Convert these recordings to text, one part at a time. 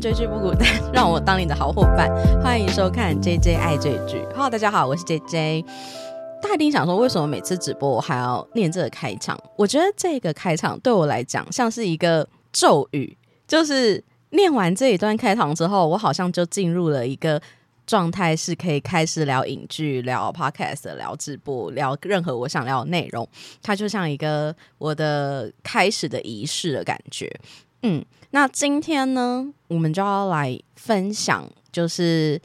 追劇不孤單，讓我當你的好伙伴。歡迎收看《J J 愛追劇》。哈囉，大家好，我是 J J。大家一定想說，為什麼每次直播我還要念這個開場？我覺得這個開場對我來講像是一個咒語，就是念完這一段開場之後，我好像就進入了一個狀態，是可以開始聊影劇、聊 Podcast、聊直播、聊任何我想聊的內容。它就像一個我的開始的儀式的感覺。嗯，那今天呢，我們就要來分享，就是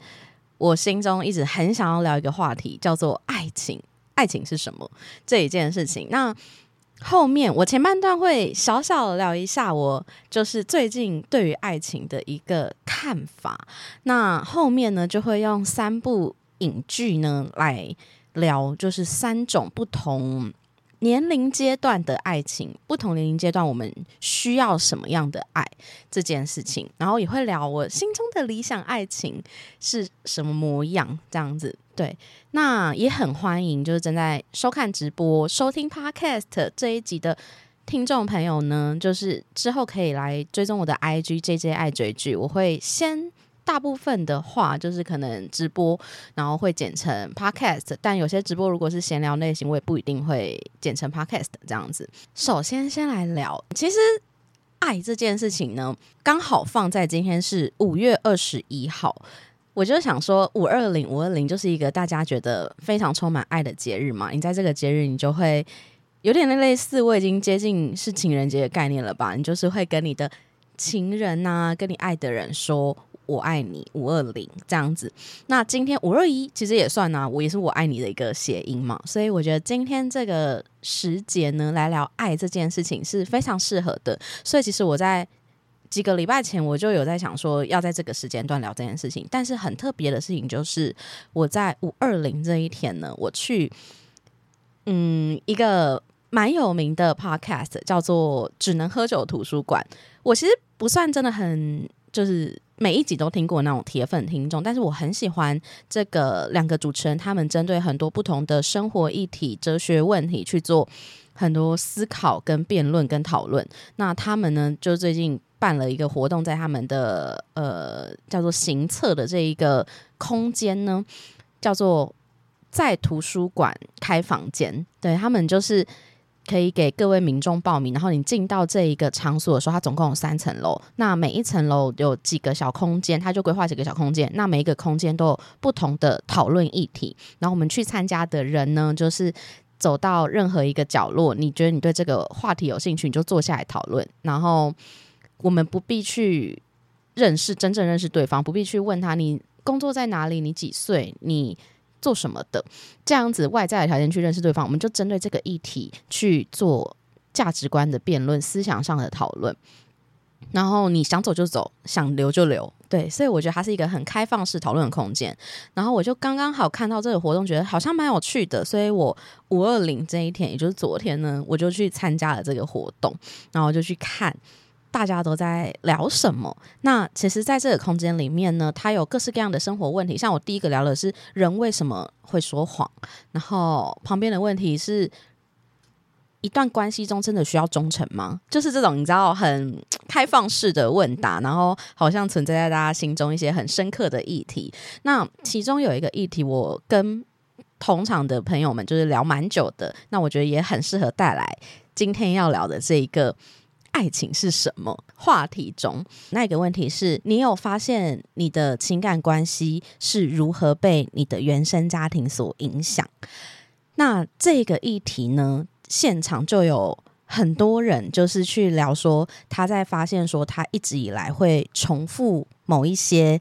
我心中一直很想要聊一個話題，叫做愛情。愛情是什麼？這一件事情。那後面我前半段會小小的聊一下，我就是最近對於愛情的一個看法。那後面呢，就會用三部影劇呢來聊，就是三種不同，年齡階段的愛情，不同年齡階段我們需要什麼樣的愛這件事情，然後也會聊我心中的理想愛情是什麼模樣這樣子。對，那也很歡迎，就是正在收看直播、收聽 podcast 這一集的聽眾朋友呢，就是之後可以來追蹤我的 IG JJ 愛追劇，我會先。大部分的話就是可能直播，然後會剪成 podcast。但有些直播如果是閒聊類型，我也不一定會剪成 podcast 這樣子。首先，先來聊，其實愛這件事情呢，剛好放在今天是五月二十一號。我就想說，五二零，五二零就是一個大家覺得非常充滿愛的節日嘛。你在這個節日，你就會有點類似，我已經接近是情人節的概念了吧？你就是會跟你的情人吶、啊，跟你愛的人說。我愛你五二零這樣子，那今天五二一其實也算啊，我也是我愛你的一個諧音嘛，所以我覺得今天這個時節呢，來聊愛這件事情是非常適合的。所以其實我在幾個禮拜前我就有在想說，要在這個時間段聊這件事情。但是很特別的事情就是，我在五二零這一天呢，我去嗯一個蠻有名的 podcast 叫做《只能喝酒圖書館》，我其實不算真的很就是。每一集都聽過那種鐵粉聽眾，但是我很喜歡這個兩個主持人，他們針對很多不同的生活議題、哲學問題去做很多思考、跟辯論、跟討論。那他們呢，就最近辦了一個活動，在他們的呃叫做行冊的這一個空間呢，叫做在圖書館開房間。對，他們就是。可以給各位民眾報名，然後你進到這一個場所的時候，它總共有三層樓，那每一層樓有幾個小空間，它就規劃幾個小空間，那每一個空間都有不同的討論議題，然後我們去參加的人呢，就是走到任何一個角落，你覺得你對這個話題有興趣，你就坐下來討論，然後我們不必去認識真正認識對方，不必去問他你工作在哪裡，你幾歲，你。做什麼的？這樣子外在的條件去認識對方，我們就針對這個議題去做價值觀的辯論、思想上的討論。然後你想走就走，想留就留。對，所以我覺得它是一個很開放式討論的空間。然後我就剛剛好看到這個活動，覺得好像蠻有趣的，所以我五二零這一天，也就是昨天呢，我就去參加了這個活動，然後我就去看。大家都在聊什麼？那其實，在這個空間裡面呢，它有各式各樣的生活問題。像我第一個聊的是人為什麼會說謊，然後旁邊的問題是一段關係中真的需要忠誠嗎？就是這種你知道很開放式的問答，然後好像存在在大家心中一些很深刻的議題。那其中有一個議題，我跟同場的朋友們就是聊蠻久的，那我覺得也很適合帶來今天要聊的這一個。愛情是什麼？話題中，那個問題是，你有發現你的情感關係是如何被你的原生家庭所影響？那這個議題呢，現場就有很多人就是去聊說，他在發現說，他一直以來會重複某一些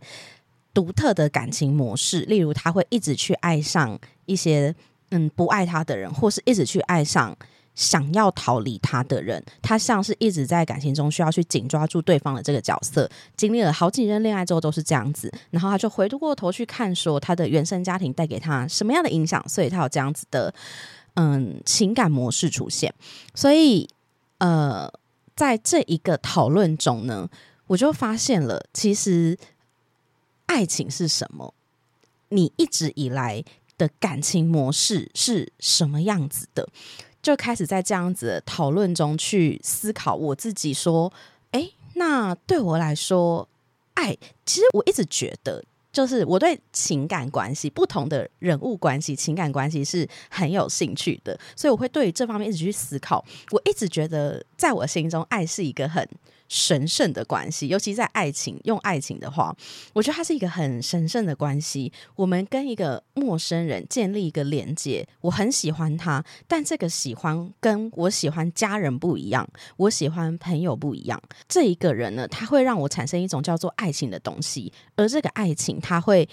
獨特的感情模式，例如他會一直去愛上一些，嗯，不愛他的人，或是一直去愛上。想要逃離他的人，他像是一直在感情中需要去緊抓住對方的這個角色。經歷了好幾任戀愛之後都是這樣子，然後他就回過頭去看，說他的原生家庭帶給他什麼樣的影響，所以他有這樣子的，嗯，情感模式出現。所以，呃，在這一個討論中呢，我就發現了，其實愛情是什麼？你一直以來的感情模式是什麼樣子的？就開始在這樣子討論中去思考我自己，說，哎、欸，那對我來說，愛、欸，其實我一直覺得，就是我對情感關係、不同的人物關係、情感關係是很有興趣的，所以我會對這方面一直去思考。我一直覺得。在我心中，愛是一個很神聖的關係，尤其在愛情，用愛情的話，我覺得它是一個很神聖的關係。我們跟一個陌生人建立一個連接，我很喜歡他，但這個喜歡跟我喜歡家人不一樣，我喜歡朋友不一樣。這一個人呢，他會讓我產生一種叫做愛情的東西，而這個愛情他會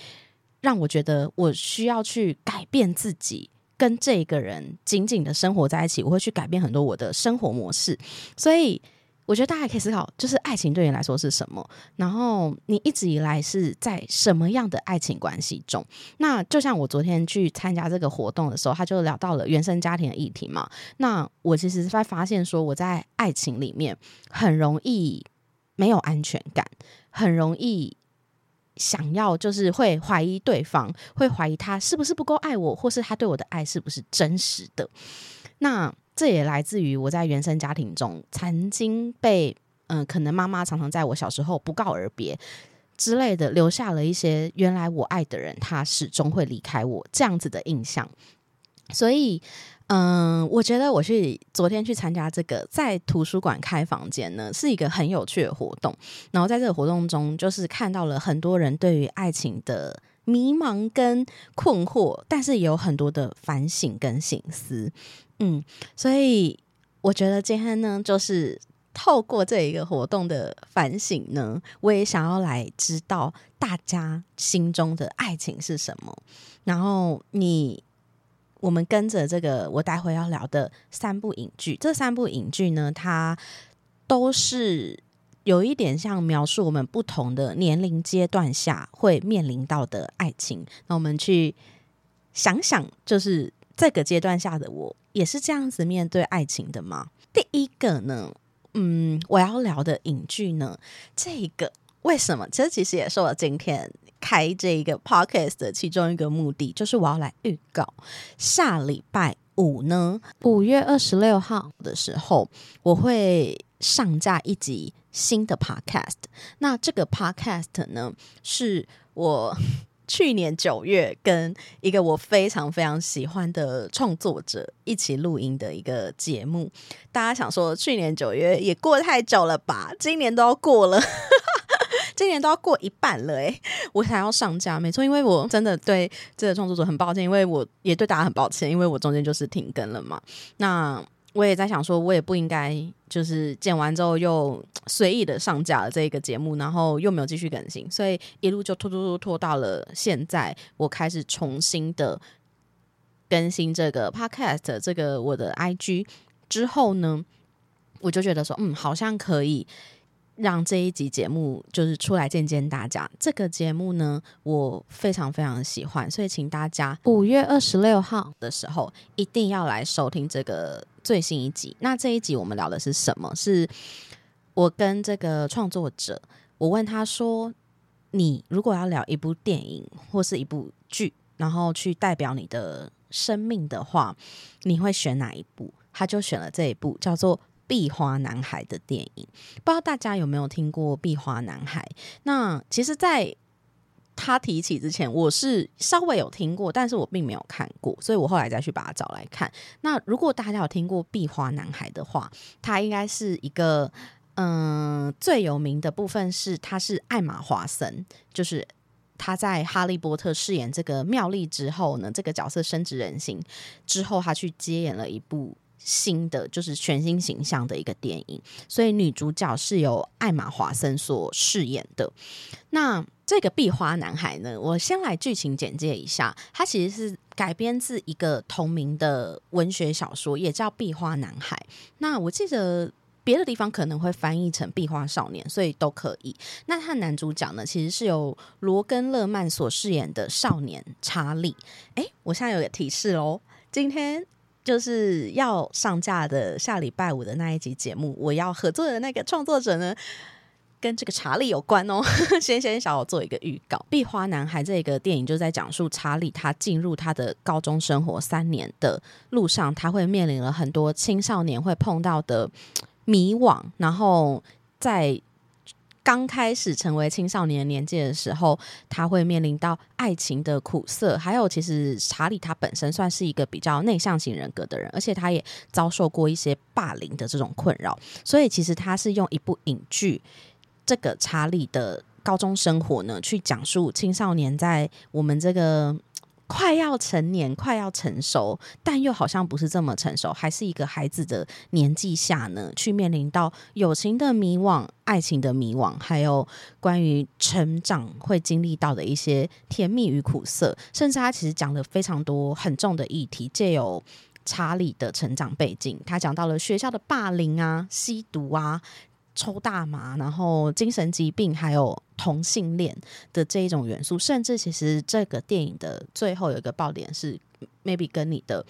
讓我覺得我需要去改變自己。跟這個人緊緊的生活在一起，我會去改變很多我的生活模式，所以我覺得大家可以思考，就是愛情對你來說是什麼？然後你一直以來是在什麼樣的愛情關係中？那就像我昨天去參加這個活動的時候，他就聊到了原生家庭的議題嘛。那我其實是在發現說，我在愛情裡面很容易沒有安全感，很容易。想要就是會懷疑對方，會懷疑他是不是不夠愛我，或是他對我的愛是不是真實的。那這也來自於我在原生家庭中曾經被，嗯、呃，可能媽媽常常在我小時候不告而別之類的，留下了一些原來我愛的人他始終會離開我這樣子的印象，所以。嗯，我覺得我去昨天去參加這個在圖書館開房間呢，是一個很有趣的活動。然後在這個活動中，就是看到了很多人對於愛情的迷茫跟困惑，但是也有很多的反省跟省思。嗯，所以我覺得今天呢，就是透過這一個活動的反省呢，我也想要來知道大家心中的愛情是什麼。然後你。我們跟着這個，我待會要聊的三部影劇，這三部影劇呢，它都是有一點像描述我們不同的年齡階段下會面臨到的愛情。那我們去想想，就是這個階段下的我，也是這樣子面對愛情的嗎？第一個呢，嗯，我要聊的影劇呢，這個為什麼？這其、其實也是我今天，開這個 podcast 的其中一個目的，就是我要來預告下禮拜五呢，五月二十六號的時候，我會上架一集新的 podcast。那這個 podcast 呢，是我去年九月跟一個我非常非常喜歡的創作者一起錄音的一個節目。大家想說，去年九月也過太久了吧？今年都要過了。 今年都要過一半了哎、欸，我想要上架，沒錯，因為我真的對這個創作者很抱歉，因為我也對大家很抱歉，因為我中間就是停更了嘛。那我也在想說，我也不應該就是剪完之後又隨意的上架了這個節目，然後又沒有繼續更新，所以一路就拖拖拖拖到了現在。我開始重新的更新這個 podcast，這個我的 IG 之後呢，我就覺得說，嗯，好像可以。讓這一集節目就是出來見見大家。這個節目呢，我非常非常喜歡，所以請大家五月二十六號的時候一定要來收聽這個最新一集。那這一集我們聊的是什麼？是我跟這個創作者，我問他說：“你如果要聊一部電影或是一部劇，然後去代表你的生命的話，你會選哪一部？”他就選了這一部，叫做。《壁花男孩》的電影，不知道大家有沒有聽過《壁花男孩》？那其實，在他提起之前，我是稍微有聽過，但是我並沒有看過，所以我後來再去把它找來看。那如果大家有聽過《壁花男孩》的話，他應該是一個嗯、呃、最有名的部分是，他是艾瑪·華森，就是他在《哈利波特》飾演這個妙麗之後呢，這個角色深植人心之後，他去接演了一部。新的就是全新形象的一個電影，所以女主角是由艾瑪·華森所飾演的。那這個壁花男孩呢，我先來劇情簡介一下，它其實是改編自一個同名的文學小說，也叫《壁花男孩》。那我記得別的地方可能會翻譯成《壁花少年》，所以都可以。那他的男主角呢，其實是由羅根·勒曼所飾演的少年查理。誒，我現在有個提示哦，今天。就是要上架的下禮拜五的那一集節目，我要合作的那個創作者呢，跟這個查理有關哦。先先小小做一個預告，《壁花男孩》這個電影就在講述查理他進入他的高中生活三年的路上，他會面臨了很多青少年會碰到的迷惘，然後在。剛開始成為青少年年紀的時候，他會面臨到愛情的苦澀，還有其實查理他本身算是一個比較內向型人格的人，而且他也遭受過一些霸凌的這種困擾，所以其實他是用一部影劇這個查理的高中生活呢，去講述青少年在我們這個。快要成年，快要成熟，但又好像不是這麼成熟，還是一個孩子的年紀下呢，去面臨到友情的迷惘、愛情的迷惘，還有關於成長會經歷到的一些甜蜜與苦澀，甚至他其實講了非常多很重的議題，借由查理的成長背景，他講到了學校的霸凌啊、吸毒啊。抽大麻，然後精神疾病，還有同性戀的這一種元素，甚至其實這個電影的最後有一個爆點是，maybe 跟你的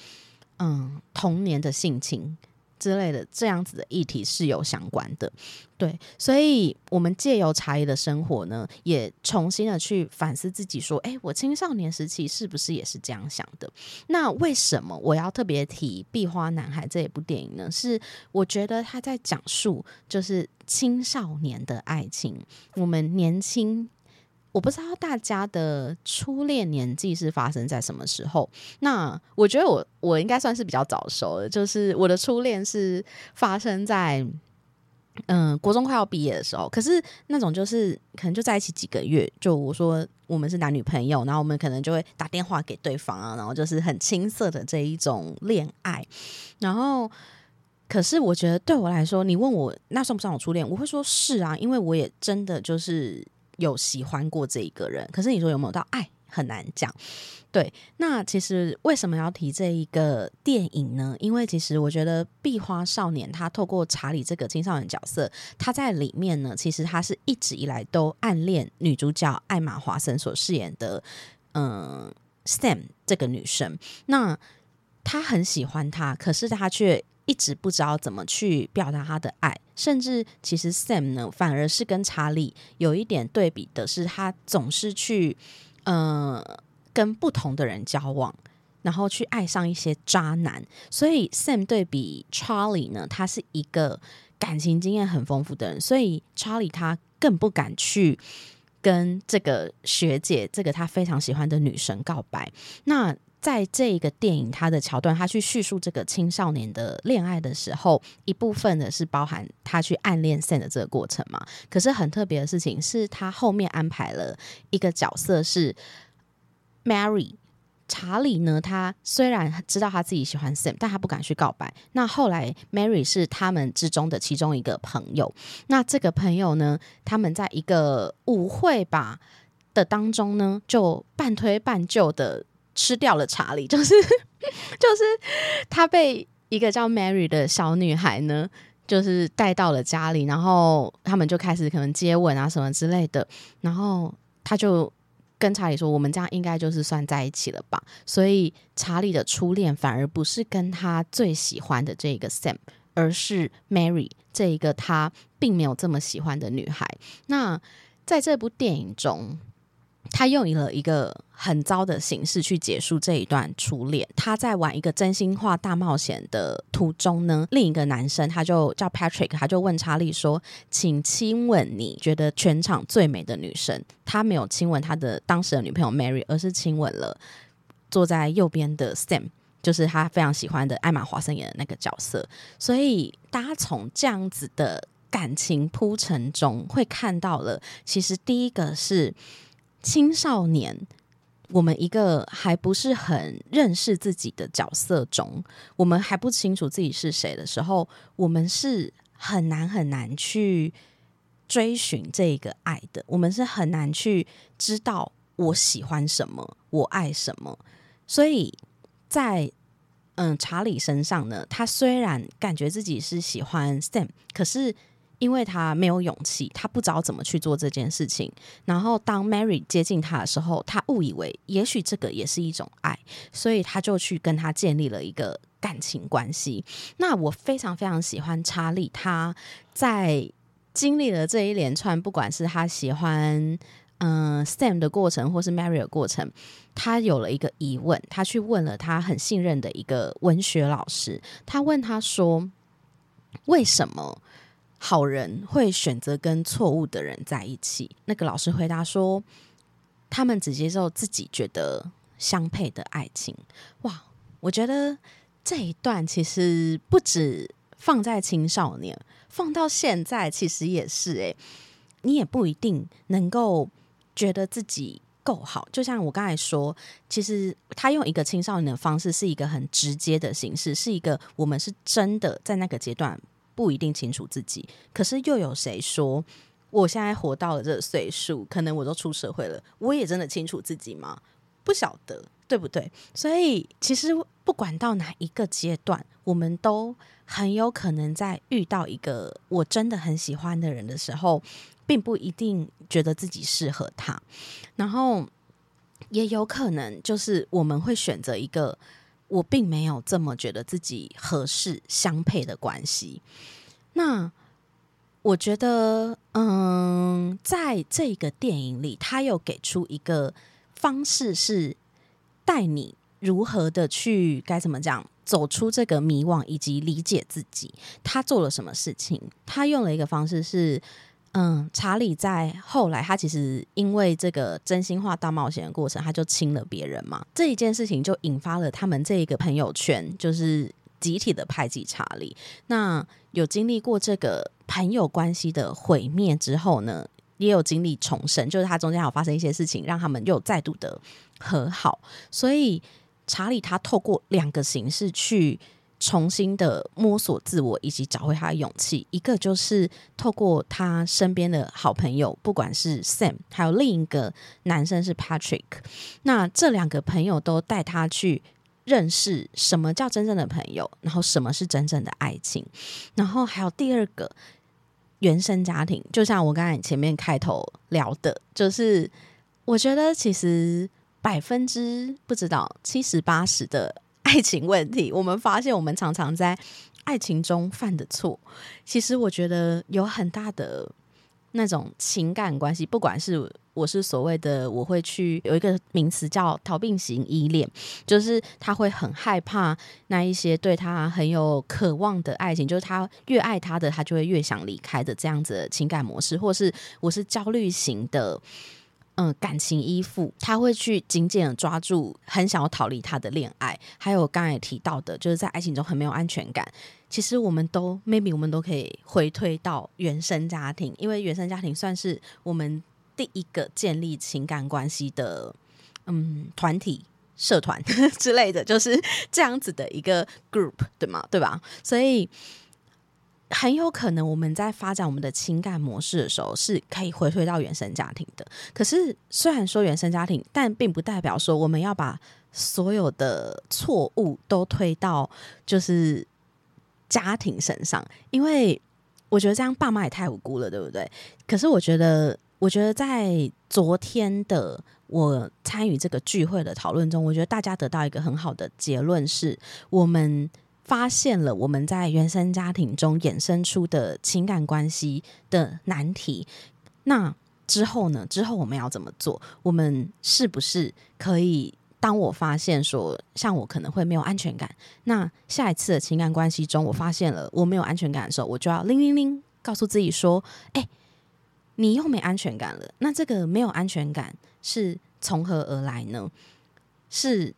嗯童年的性情，之類的這樣子的議題是有相關的，對，所以我們借由茶葉的生活呢，也重新的去反思自己，說，哎、欸，我青少年時期是不是也是這樣想的？那為什麼我要特別提《壁花男孩》這一部電影呢？是我覺得他在講述就是青少年的愛情，我們年輕。我不知道大家的初戀年紀是發生在什麼時候？那我覺得我我應該算是比較早熟的，就是我的初戀是發生在嗯、呃、國中快要畢業的時候。可是那種就是可能就在一起幾個月，就我說我們是男女朋友，然後我們可能就會打電話給對方啊，然後就是很青澀的這一種戀愛。然後，可是我覺得對我來說，你問我那算不算我初戀？我會說是啊，因為我也真的就是。有喜歡過這一個人，可是你說有沒有到愛很難講。對，那其實為什麼要提這一個電影呢？因為其實我覺得《壁花少年》他透過查理這個青少年角色，他在裡面呢，其實他是一直以來都暗戀女主角艾瑪·華森所飾演的嗯，呃，Sam 這個女生。那他很喜歡她，可是他卻。一直不知道怎麼去表達他的愛，甚至其實 Sam 呢，反而是跟 Charlie 有一點對比的是，他總是去呃跟不同的人交往，然後去愛上一些渣男。所以 Sam 對比 Charlie 呢，他是一個感情經驗很豐富的人，所以 Charlie 他更不敢去跟這個學姐，這個他非常喜歡的女生告白。那在這一個電影它，它的橋段，他去敘述這個青少年的戀愛的時候，一部分呢是包含他去暗戀 Sam 的這個過程嘛。可是很特別的事情是，他後面安排了一個角色是 Mary。查理呢，他雖然知道他自己喜歡 Sam，但他不敢去告白。那後來 Mary 是他們之中的其中一個朋友。那這個朋友呢，他們在一個舞會吧的當中呢，就半推半就的。吃掉了查理，就是就是他被一個叫 Mary 的小女孩呢，就是帶到了家裡，然後他們就開始可能接吻啊什麼之類的，然後他就跟查理說：“我們這樣應該就是算在一起了吧？”所以查理的初戀反而不是跟他最喜歡的這個 Sam，而是 Mary 這一個他並沒有這麼喜歡的女孩。那在這部電影中。他用了一個很糟的形式去結束這一段初戀。他在玩一個真心話大冒險的途中呢，另一個男生他就叫 Patrick，他就問查理說：“請親吻你覺得全場最美的女生。”他沒有親吻他的當時的女朋友 Mary，而是親吻了坐在右邊的 Sam，就是他非常喜歡的艾瑪·華森演的那個角色。所以，大家從這樣子的感情鋪陳中，會看到了其實第一個是。青少年，我們一個還不是很認識自己的角色中，我們還不清楚自己是誰的時候，我們是很難很難去追尋這個愛的。我們是很難去知道我喜歡什麼，我愛什麼。所以在嗯，查理身上呢，他雖然感覺自己是喜歡 Sam，可是。因為他沒有勇氣，他不知道怎麼去做這件事情。然後當 Mary 接近他的時候，他誤以為也許這個也是一種愛，所以他就去跟他建立了一個感情關係。那我非常非常喜歡查理，他在經歷了這一連串，不管是他喜歡嗯、呃、Sam 的過程，或是 Mary 的過程，他有了一個疑問，他去問了他很信任的一個文學老師，他問他說：“為什麼？”好人會選擇跟錯誤的人在一起。那個老師回答說：“他們只接受自己覺得相配的愛情。”哇，我覺得這一段其實不止放在青少年，放到現在其實也是欸。哎，你也不一定能夠覺得自己夠好。就像我剛才說，其實他用一個青少年的方式，是一個很直接的形式，是一個我們是真的在那個階段。不一定清楚自己，可是又有誰說我現在活到了這個歲數，可能我都出社會了，我也真的清楚自己嗎？不曉得，對不對？所以其實不管到哪一個階段，我們都很有可能在遇到一個我真的很喜歡的人的時候，並不一定覺得自己適合他，然後也有可能就是我們會選擇一個。我並沒有這麼覺得自己合適相配的關係。那我覺得，嗯，在這個電影裡，他又給出一個方式，是帶你如何的去該怎麼講走出這個迷惘，以及理解自己。他做了什麼事情？他用了一個方式是。嗯，查理在後來，他其實因為這個真心話大冒險的過程，他就親了別人嘛。這一件事情就引發了他們這一個朋友圈，就是集體的排擠查理。那有經歷過這個朋友關係的毀滅之後呢，也有經歷重生，就是他中間有發生一些事情，讓他們又再度的和好。所以查理他透過兩個形式去。重新的摸索自我以及找回他的勇氣。一個就是透過他身邊的好朋友，不管是 Sam，還有另一個男生是 Patrick，那這兩個朋友都帶他去認識什麼叫真正的朋友，然後什麼是真正的愛情。然後還有第二個原生家庭，就像我剛才前面開頭聊的，就是我覺得其實百分之不知道七十八十的。愛情問題，我們發現我們常常在愛情中犯的錯，其實我覺得有很大的那種情感關係，不管是我是所謂的，我會去有一個名詞叫逃避型依戀，就是他會很害怕那一些對他很有渴望的愛情，就是他越愛他的，他就會越想離開的這樣子的情感模式，或是我是焦慮型的。嗯，感情依附，他會去緊緊的抓住，很想要逃離他的戀愛。還有我剛才提到的，就是在愛情中很沒有安全感。其實我們都，maybe 我們都可以回推到原生家庭，因為原生家庭算是我們第一個建立情感關係的，嗯，團體、社團呵呵之類的，就是這樣子的一個 group，對嗎？對吧？所以。很有可能我們在發展我們的情感模式的時候，是可以回推到原生家庭的。可是，雖然說原生家庭，但並不代表說我們要把所有的錯誤都推到就是家庭身上。因為我覺得這樣爸媽也太無辜了，對不對？可是，我覺得，我覺得在昨天的我參與這個聚會的討論中，我覺得大家得到一個很好的結論是：我們。發現了我們在原生家庭中衍生出的情感關係的難題，那之後呢？之後我們要怎麼做？我們是不是可以？當我發現說，像我可能會沒有安全感，那下一次的情感關係中，我發現了我沒有安全感的時候，我就要鈴鈴鈴告訴自己說：“哎、欸，你又沒安全感了。”那這個沒有安全感是從何而來呢？是。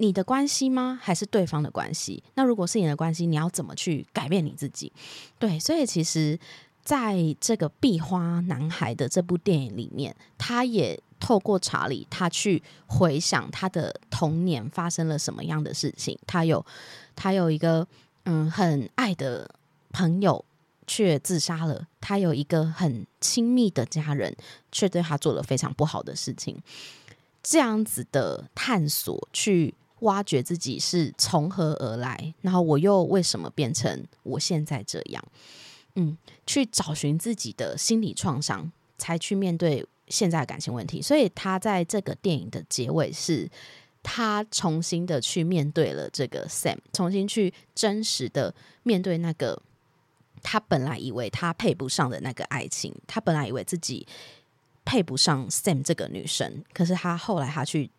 你的關係嗎？還是對方的關係？那如果是你的關係，你要怎麼去改變你自己？對，所以其實，在這個《壁花男孩》的這部電影裡面，他也透過查理，他去回想他的童年發生了什麼樣的事情。他有他有一個嗯很愛的朋友卻自殺了，他有一個很親密的家人卻對他做了非常不好的事情。這樣子的探索去挖掘自己是從何而來，然後我又為什麼變成我現在這樣？嗯，去找尋自己的心理創傷，才去面對現在的感情問題。所以他在這個電影的結尾是，他重新的去面對了這個 Sam，重新去真實的面對那個他本來以為他配不上的那個愛情，他本來以為自己配不上 Sam 這個女生，可是他後來他去。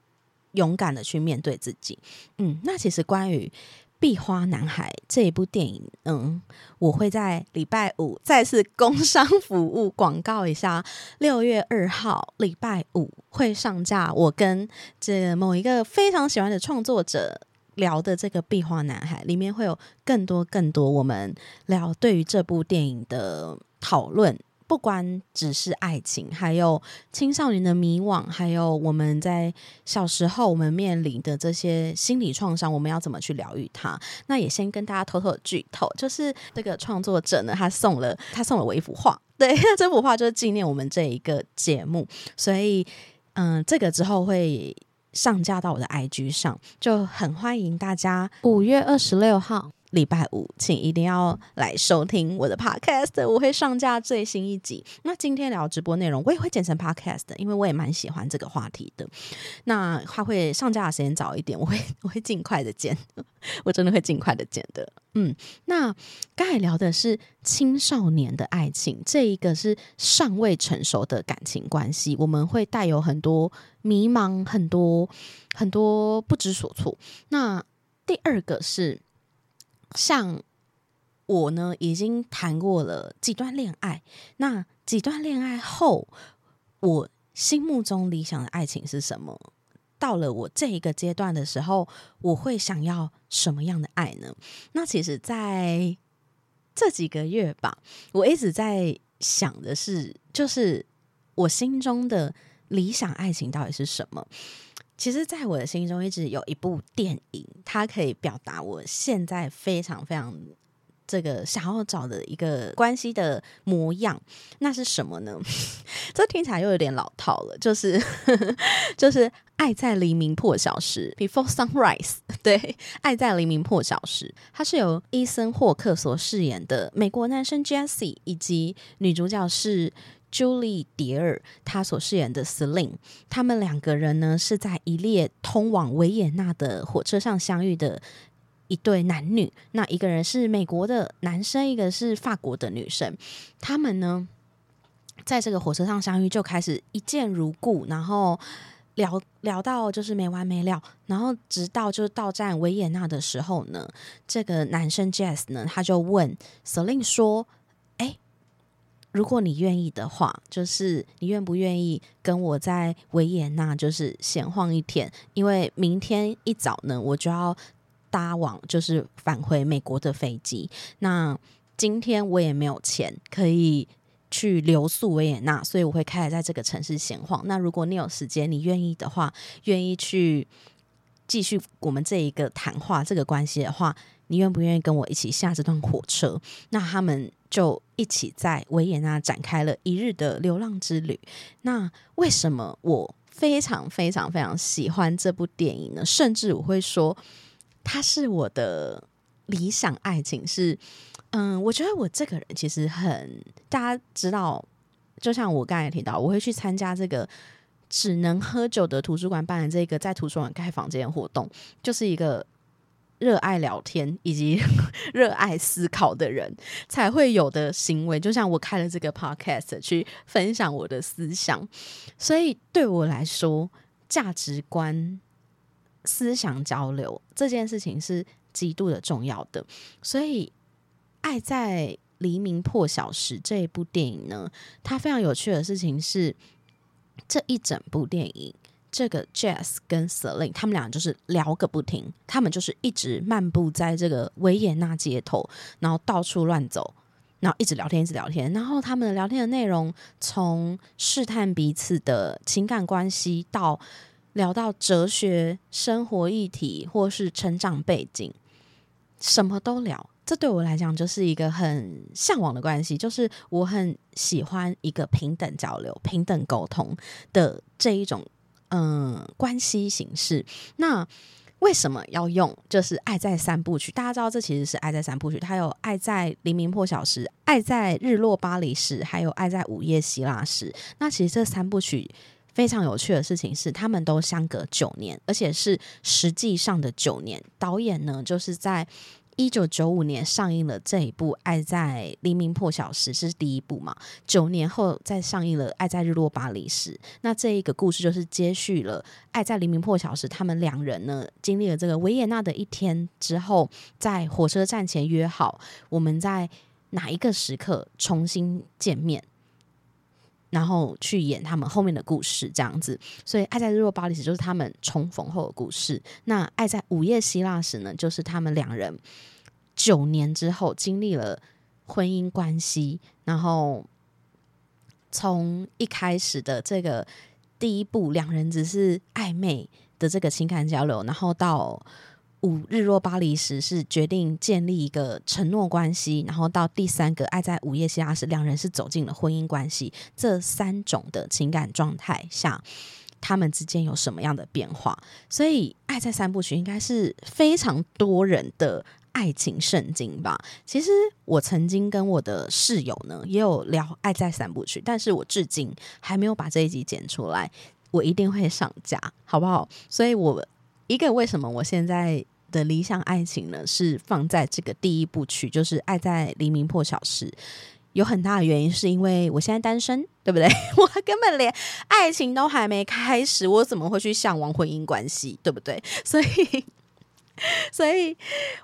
勇敢的去面對自己，嗯，那其實關於《壁花男孩》這一部電影，嗯，我會在禮拜五再次工商服務廣告一下，六月二號禮拜五會上架。我跟這某一個非常喜歡的創作者聊的這個《壁花男孩》裡面會有更多更多我們聊對於這部電影的討論。不管只是愛情，還有青少年的迷惘，還有我們在小時候我們面臨的這些心理創傷，我們要怎麼去療癒它？那也先跟大家偷偷的劇透，就是這個創作者呢，他送了他送了我一幅畫，對，這幅畫就是紀念我們這一個節目，所以嗯、呃，這個之後會上架到我的 IG 上，就很歡迎大家五月二十六號。禮拜五，請一定要來收聽我的 podcast，我會上架最新一集。那今天聊直播內容，我也會剪成 podcast，因為我也蠻喜歡這個話題的。那它會上架的時間早一點，我會我會盡快的剪，我真的會盡快的剪的。嗯，那剛才聊的是青少年的愛情，這一個是尚未成熟的感情關係，我們會帶有很多迷茫，很多很多不知所措。那第二個是。像我呢，已經談過了幾段戀愛。那幾段戀愛後，我心目中理想的愛情是什麼？到了我這一個階段的時候，我會想要什麼樣的愛呢？那其實，在這幾個月吧，我一直在想的是，就是我心中的理想愛情到底是什麼？其實，在我的心中一直有一部電影，它可以表達我現在非常非常這個想要找的一個關係的模樣。那是什麼呢？這聽起來又有點老套了，就是 就是愛在黎明破曉時 rise, 對《愛在黎明破曉時》（Before Sunrise）。對，《愛在黎明破曉時》它是由伊森·霍克所飾演的美國男生 Jesse，以及女主角是。朱莉·迪爾，她所飾演的 Celine，他們兩個人呢是在一列通往維也納的火車上相遇的一對男女。那一個人是美國的男生，一個是法國的女生。他們呢在這個火車上相遇，就開始一見如故，然後聊聊到就是沒完沒了。然後直到就是到站維也納的時候呢，這個男生 Jesse 呢他就問 Celine 說：“哎、欸。”如果你願意的話，就是你願不願意跟我在維也納就是閒晃一天？因為明天一早呢，我就要搭往就是返回美國的飛機。那今天我也沒有錢可以去留宿維也納，所以我會開始在這個城市閒晃。那如果你有時間，你願意的話，願意去繼續我們這一個談話這個關係的話，你願不願意跟我一起下這段火車？那他們就。一起在維也納展開了一日的流浪之旅。那為什麼我非常非常非常喜歡這部電影呢？甚至我會說，它是我的理想愛情。是，嗯，我覺得我這個人其實很大家知道，就像我剛才提到，我會去參加這個只能喝酒的圖書館辦的這個在圖書館開房間活動，就是一個。熱愛聊天以及熱 愛思考的人才會有的行為，就像我開了這個 podcast 去分享我的思想。所以對我來說，價值觀、思想交流這件事情是極度的重要的。所以，《愛在黎明破曉時》這一部電影呢，它非常有趣的事情是，這一整部電影。這個 Jesse 跟 Céline 他們倆就是聊個不停，他們就是一直漫步在這個維也納街頭，然後到處亂走，然後一直聊天，一直聊天。然後他們聊天的內容，從試探彼此的情感關係到，到聊到哲學、生活議題，或是成長背景，什麼都聊。這對我來講就是一個很嚮往的關係，就是我很喜歡一個平等交流、平等溝通的這一種。嗯，關係形式。那為什麼要用？就是《愛在三部曲》，大家知道這其實是《愛在三部曲》，它有《愛在黎明破曉時》、《愛在日落巴黎時》、還有《愛在午夜希臘時》。那其實這三部曲非常有趣的事情是，他們都相隔九年，而且是實際上的九年。導演呢，就是在。一九九五年上映了這一部《愛在黎明破曉時》，是第一部嘛。九年後再上映了《愛在日落巴黎時》。那這一個故事就是接續了《愛在黎明破曉時》，他們兩人呢經歷了這個維也納的一天之後，在火車站前約好，我們在哪一個時刻重新見面。然後去演他們後面的故事，這樣子。所以，《愛在日落巴黎時》裡就是他們重逢後的故事。那《愛在午夜希臘時》呢，就是他們兩人九年之後經歷了婚姻關係，然後從一開始的這個第一步，兩人只是曖昧的這個情感交流，然後到。在日落巴黎時是決定建立一個承諾關係，然後到第三個愛在午夜希臘時，兩人是走進了婚姻關係。這三種的情感狀態下，他們之間有什麼樣的變化？所以，《愛在三部曲》應該是非常多人的愛情聖經吧？其實我曾經跟我的室友呢也有聊《愛在三部曲》，但是我至今還沒有把這一集剪出來，我一定會上架，好不好？所以，我。一個為什麼我現在的理想愛情呢？是放在這個第一部曲，就是愛在黎明破曉時。有很大的原因是因為我現在單身，對不對？我根本連愛情都還沒開始，我怎麼會去嚮往婚姻關係，對不對？所以，所以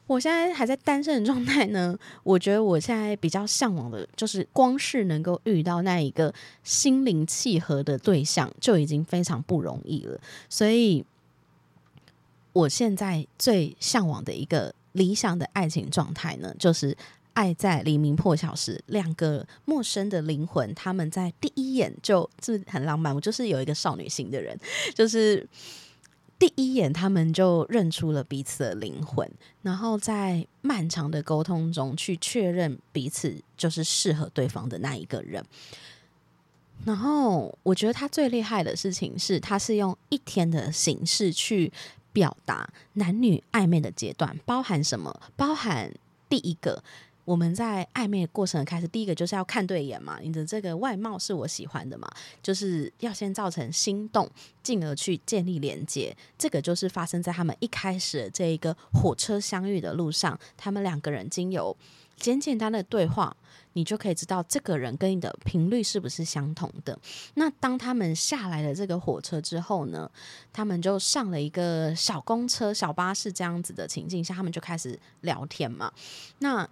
我現在還在單身的狀態呢。我覺得我現在比較嚮往的就是，光是能夠遇到那一個心靈契合的對象，就已經非常不容易了。所以。我現在最向往的一個理想的愛情狀態呢，就是愛在黎明破曉時，兩個陌生的靈魂，他們在第一眼就這很浪漫。我就是有一個少女心的人，就是第一眼他們就認出了彼此的靈魂，然後在漫長的溝通中去確認彼此就是適合對方的那一個人。然後我覺得他最厲害的事情是，他是用一天的形式去。表達男女曖昧的階段包含什麼？包含第一個，我們在曖昧的過程開始，第一個就是要看對眼嘛，你的這個外貌是我喜歡的嘛，就是要先造成心動，進而去建立連接。這個就是發生在他們一開始這一個火車相遇的路上，他們兩個人經由。簡簡單的對話，你就可以知道這個人跟你的頻率是不是相同的。那當他們下來了這個火車之後呢，他們就上了一個小公車、小巴士這樣子的情境下，他們就開始聊天嘛。那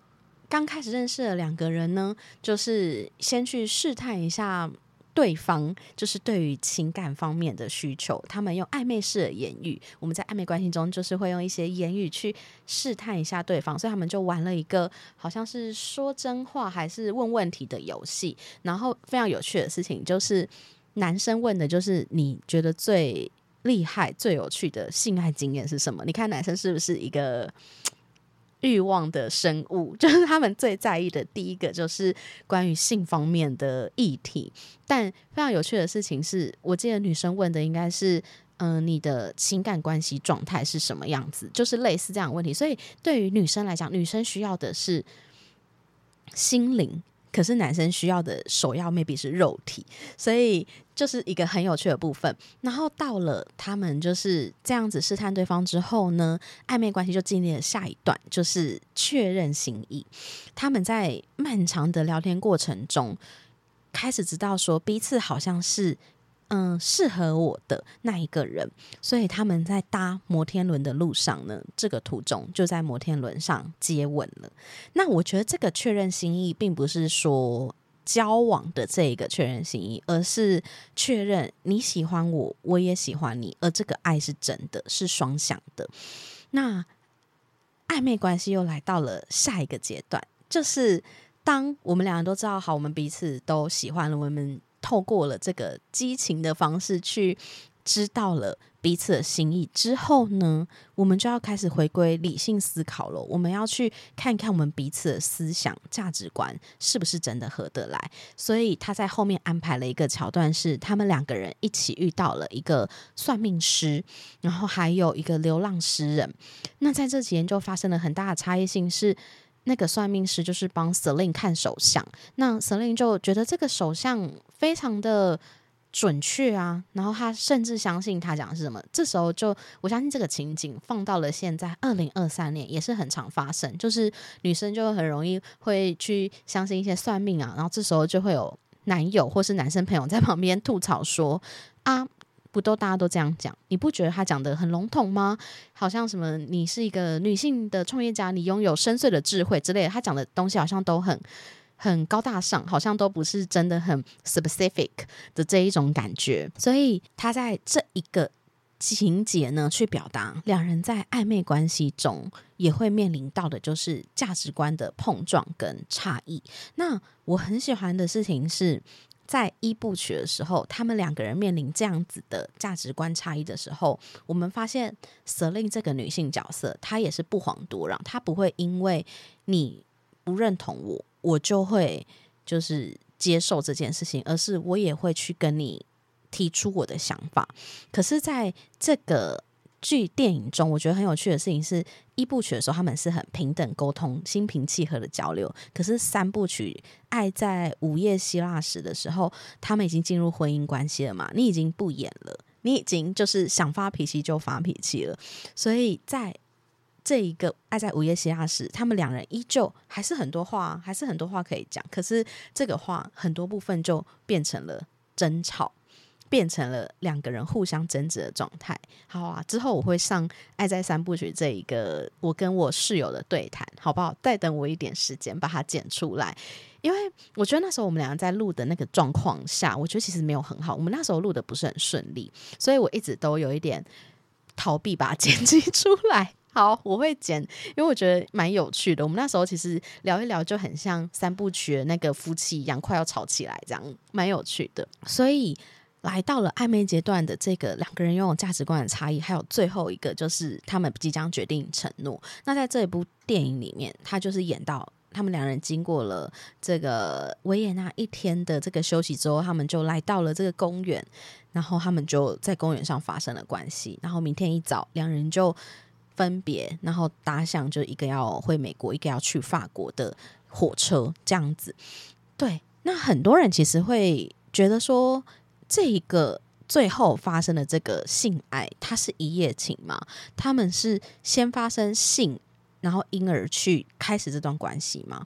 剛開始認識的兩個人呢，就是先去試探一下。對方就是對於情感方面的需求，他們用曖昧式的言語。我們在曖昧關係中，就是會用一些言語去試探一下對方，所以他們就玩了一個好像是說真話還是問問題的遊戲。然後非常有趣的事情就是，男生問的就是你覺得最厲害、最有趣的性愛經驗是什麼？你看男生是不是一個？慾望的生物，就是他們最在意的第一個，就是關於性方面的議題。但非常有趣的事情是，我記得女生問的應該是，嗯、呃，你的情感關係狀態是什麼樣子？就是類似這樣的問題。所以對於女生來講，女生需要的是心靈。可是男生需要的首要 maybe 是肉體，所以就是一個很有趣的部分。然後到了他們就是這樣子試探對方之後呢，曖昧關係就經歷了下一段，就是確認心意。他們在漫長的聊天過程中，開始知道說彼此好像是。嗯，適合我的那一個人，所以他們在搭摩天輪的路上呢，這個途中就在摩天輪上接吻了。那我覺得這個確認心意，並不是說交往的這一個確認心意，而是確認你喜歡我，我也喜歡你，而這個愛是真的，是雙向的。那曖昧關係又來到了下一個階段，就是當我們兩個人都知道好，我們彼此都喜歡了，我們。透過了這個激情的方式去知道了彼此的心意之後呢，我們就要開始回歸理性思考了。我們要去看看我們彼此的思想價值觀是不是真的合得來。所以他在後面安排了一個橋段是，是他們兩個人一起遇到了一個算命師，然後還有一個流浪詩人。那在這幾年就發生了很大的差異性，是。那個算命師就是幫 Celine 看手相，那 Celine 就覺得這個手相非常的準確啊，然後他甚至相信他講的是什麼。這時候就我相信這個情景放到了現在二零二三年也是很常發生，就是女生就會很容易會去相信一些算命啊，然後這時候就會有男友或是男生朋友在旁邊吐槽說啊。不都大家都這樣講？你不覺得他講的很籠統嗎？好像什麼，你是一個女性的創業家，你擁有深邃的智慧之類的，他講的東西好像都很很高大上，好像都不是真的很 specific 的這一種感覺。所以他在這一個情節呢，去表達兩人在曖昧關係中也會面臨到的就是價值觀的碰撞跟差異。那我很喜歡的事情是。在一部曲的時候，他們兩個人面臨這樣子的價值觀差異的時候，我們發現瑟琳這個女性角色，她也是不遑多讓，她不會因為你不認同我，我就會就是接受這件事情，而是我也會去跟你提出我的想法。可是，在這個據電影中，我覺得很有趣的事情是，一部曲的時候他們是很平等溝通、心平氣和的交流。可是三部曲《愛在午夜希臘時》的時候，他們已經進入婚姻關係了嘛，你已經不演了，你已經就是想發脾氣就發脾氣了。所以在這一個《愛在午夜希臘時》，他們兩人依舊還是很多話，還是很多話可以講。可是這個話很多部分就變成了爭吵。變成了兩個人互相爭執的狀態。好啊，之後我會上《愛在三部曲》這一個我跟我室友的對談，好不好？再等我一點時間把它剪出來，因為我覺得那時候我們兩個在錄的那個狀況下，我覺得其實沒有很好。我們那時候錄的不是很順利，所以我一直都有一點逃避把它剪輯 出來。好，我會剪，因為我覺得蠻有趣的。我們那時候其實聊一聊就很像三部曲那個夫妻一樣，快要吵起來，這樣蠻有趣的。所以。來到了曖昧階段的這個兩個人擁有價值觀的差異，還有最後一個就是他們即將決定承諾。那在這一部電影裡面，他就是演到他們兩人經過了這個維也納一天的這個休息之後，他們就來到了這個公園，然後他們就在公園上發生了關係。然後明天一早，兩人就分別，然後搭上就一個要回美國，一個要去法國的火車這樣子。對，那很多人其實會覺得說。這一個最後發生的這個性愛，它是一夜情嗎？他們是先發生性，然後因而去開始這段關係嗎？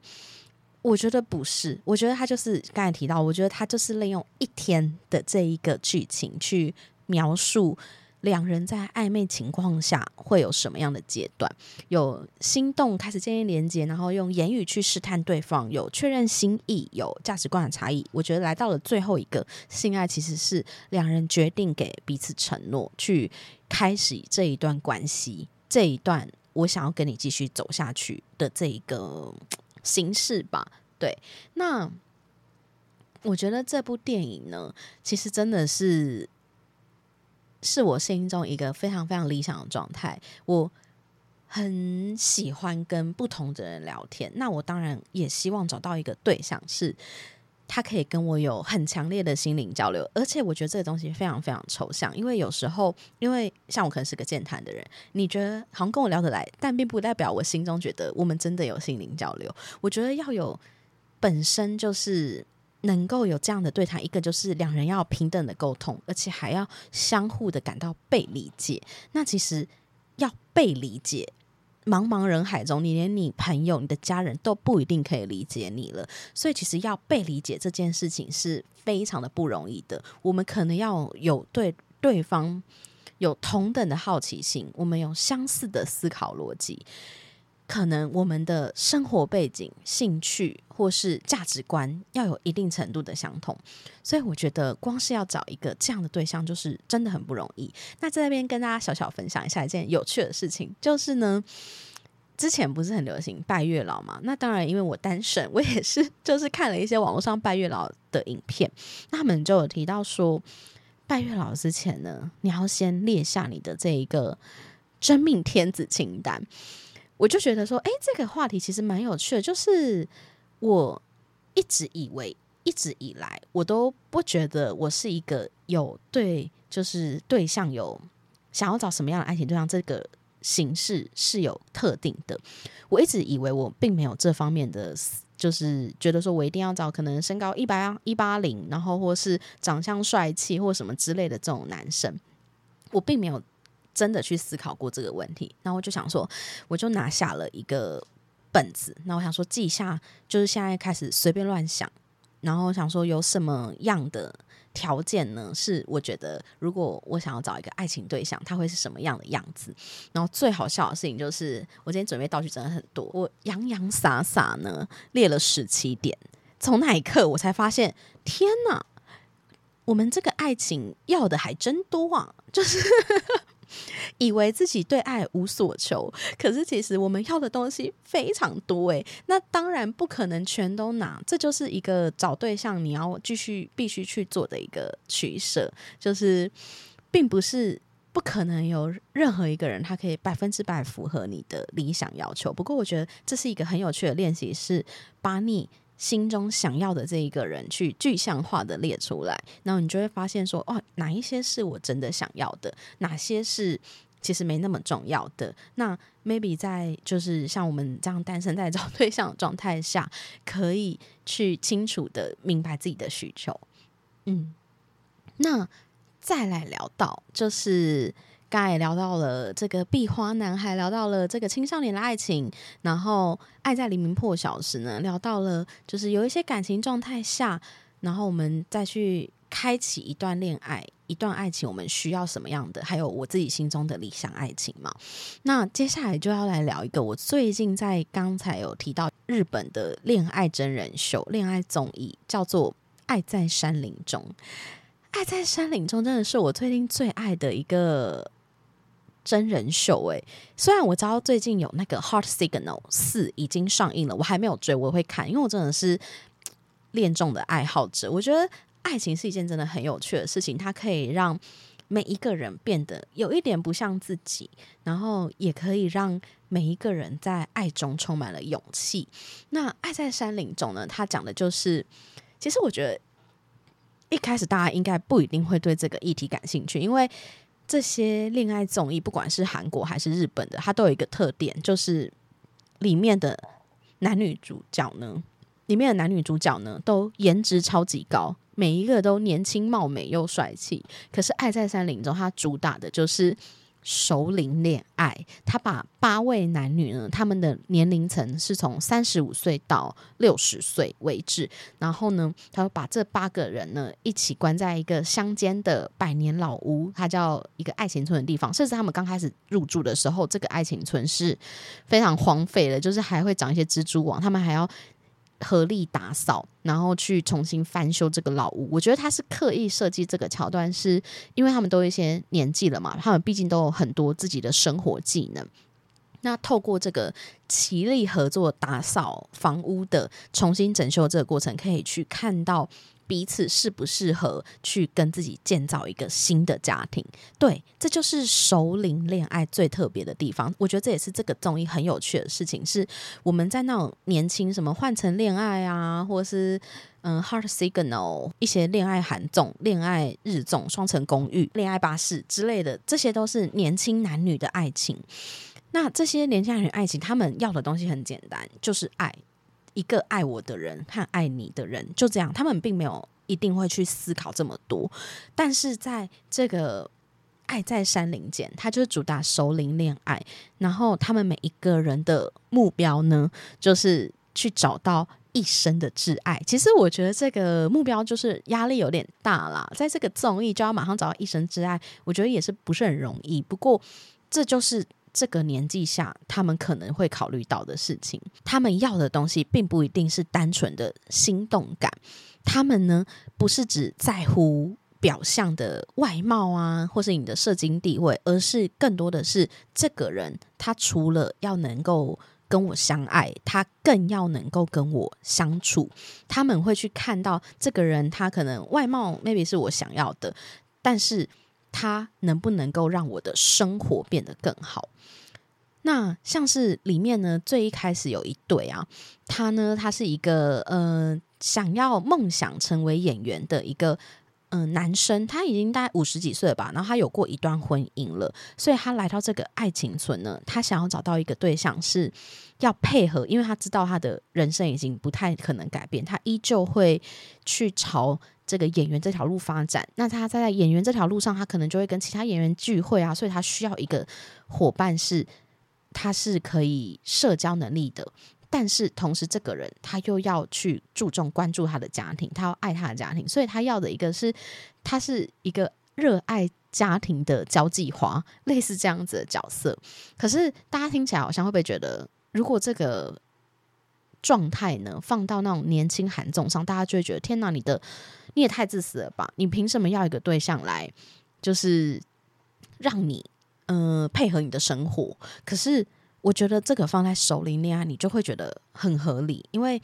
我覺得不是，我覺得他就是剛才提到，我覺得他就是利用一天的這一個劇情去描述。兩人在曖昧情況下會有什麼樣的階段？有心動，開始建立連接，然後用言語去試探對方；有確認心意，有價值觀的差異。我覺得來到了最後一個性愛，其實是兩人決定給彼此承諾，去開始這一段關係，這一段我想要跟你繼續走下去的這一個形式吧。對，那我覺得這部電影呢，其實真的是。是我心中一個非常非常理想的狀態。我很喜歡跟不同的人聊天，那我當然也希望找到一個對象，是他可以跟我有很強烈的心靈交流。而且我覺得這個東西非常非常抽象，因為有時候，因為像我可能是個健談的人，你覺得好像跟我聊得來，但並不代表我心中覺得我們真的有心靈交流。我覺得要有本身就是。能夠有這樣的對談，一個就是兩人要平等的溝通，而且還要相互的感到被理解。那其實要被理解，茫茫人海中，你連你朋友、你的家人都不一定可以理解你了。所以，其實要被理解這件事情是非常的不容易的。我們可能要有對對方有同等的好奇心，我們有相似的思考邏輯。可能我們的生活背景、興趣或是價值觀要有一定程度的相同，所以我覺得光是要找一個這樣的對象，就是真的很不容易。那在這邊跟大家小小分享一下一件有趣的事情，就是呢，之前不是很流行拜月老嘛？那當然，因為我單身，我也是就是看了一些網絡上拜月老的影片，那他們就有提到說，拜月老之前呢，你要先列下你的這一個真命天子清單。我就覺得說，哎，這個話題其實蠻有趣的。就是我一直以為，一直以來我都不覺得我是一個有對，就是對象有想要找什麼樣的愛情對象，就像這個形式是有特定的。我一直以為我並沒有這方面的，就是覺得說我一定要找可能身高一百一八零，然後或是長相帥氣或什麼之類的這種男生，我並沒有。真的去思考過這個問題，然後我就想說，我就拿下了一個本子，那我想說記下，就是現在開始隨便亂想，然後我想說有什麼樣的條件呢？是我覺得，如果我想要找一個愛情對象，他會是什麼樣的樣子？然後最好笑的事情就是，我今天準備道具真的很多，我洋洋灑灑呢列了十七點。從那一刻，我才發現，天哪，我們這個愛情要的還真多啊，就是。 以為自己對愛無所求，可是其實我們要的東西非常多誒，那當然不可能全都拿，這就是一個找對象你要繼續必須去做的一個取捨，就是並不是不可能有任何一個人他可以百分之百符合你的理想要求。不過我覺得這是一個很有趣的練習，是把你。心中想要的這一個人，去具象化的列出來，然後你就會發現說，哇、哦，哪一些是我真的想要的，哪些是其實沒那麼重要的。那 maybe 在就是像我們這樣單身在找對象的狀態下，可以去清楚的明白自己的需求。嗯，那再來聊到就是。剛才也聊到了這個《壁花男孩》，聊到了這個青少年的愛情，然後《愛在黎明破曉時》呢，聊到了就是有一些感情狀態下，然後我們再去開啟一段戀愛、一段愛情，我們需要什麼樣的？還有我自己心中的理想愛情嘛？那接下來就要來聊一個我最近在剛才有提到日本的戀愛真人秀、戀愛綜藝，叫做《愛在山林中》。《愛在山林中》真的是我最近最愛的一個。真人秀誒、欸，雖然我知道最近有那個《Heart Signal》四已經上映了，我還沒有追，我會看，因為我真的是戀中的愛好者。我覺得愛情是一件真的很有趣的事情，它可以讓每一個人變得有一點不像自己，然後也可以讓每一個人在愛中充滿了勇氣。那《愛在山林中》呢？它講的就是，其實我覺得一開始大家應該不一定會對這個議題感興趣，因為。這些戀愛綜藝，不管是韓國還是日本的，它都有一個特點，就是裡面的男女主角呢，裡面的男女主角呢，都顏值超級高，每一個都年輕貌美又帥氣。可是《愛在山林中》，它主打的就是熟齡戀愛，他把八位男女呢，他們的年齡層是從三十五歲到六十歲為止，然後呢，他會把這八個人呢一起關在一個鄉間的百年老屋，他叫一個愛情村的地方。甚至他們剛開始入住的時候，這個愛情村是非常荒廢的，就是還會長一些蜘蛛網。他們還要。合力打掃，然後去重新翻修這個老屋。我覺得他是刻意設計這個橋段，是因為他們都有一些年紀了嘛，他們畢竟都有很多自己的生活技能。那透過這個齊力合作打掃房屋的重新整修這個過程，可以去看到，彼此適不適合去跟自己建造一個新的家庭？對，這就是熟齡戀愛最特別的地方。我覺得這也是這個綜藝很有趣的事情。是我們在那種年輕什麼換成戀愛啊，或者是嗯，Heart Signal 一些戀愛韓綜、戀愛日綜、雙層公寓、戀愛巴士之類的，這些都是年輕男女的愛情。那這些年輕男女愛情，他們要的東西很簡單，就是愛。一個愛我的人和愛你的人就這樣，他們並沒有一定會去思考這麼多。但是在這個《愛在山林間》，他就是主打熟齡戀愛，然後他們每一個人的目標呢，就是去找到一生的摯愛。其實我覺得這個目標就是壓力有點大啦，在這個綜藝就要馬上找到一生摯愛，我覺得也是不是很容易。不過這就是。這個年紀下，他們可能會考慮到的事情，他們要的東西並不一定是單純的心動感。他們呢，不是只在乎表象的外貌啊，或是你的社經地位，而是更多的是這個人，他除了要能夠跟我相愛，他更要能夠跟我相處。他們會去看到這個人，他可能外貌 maybe 是我想要的，但是。他能不能夠讓我的生活變得更好？那像是裡面呢，最一開始有一對啊，他呢，他是一個呃，想要夢想成為演員的一個。嗯、呃，男生他已經大概五十幾歲了吧，然後他有過一段婚姻了，所以他來到這個愛情村呢，他想要找到一個對象是，要配合，因為他知道他的人生已經不太可能改變，他依舊會去朝這個演員這條路發展。那他在演員這條路上，他可能就會跟其他演員聚會啊，所以他需要一個夥伴是他是可以社交能力的。但是同時，這個人他又要去注重關注他的家庭，他要愛他的家庭，所以他要的一個是，他是一個熱愛家庭的交際花，類似這樣子的角色。可是大家聽起來好像會不會覺得，如果這個狀態呢，放到那種年輕寒重上，大家就會覺得，天哪，你的你也太自私了吧？你憑什麼要一個對象來，就是讓你嗯、呃、配合你的生活？可是。我覺得這個放在熟齡戀愛，你就會覺得很合理，因為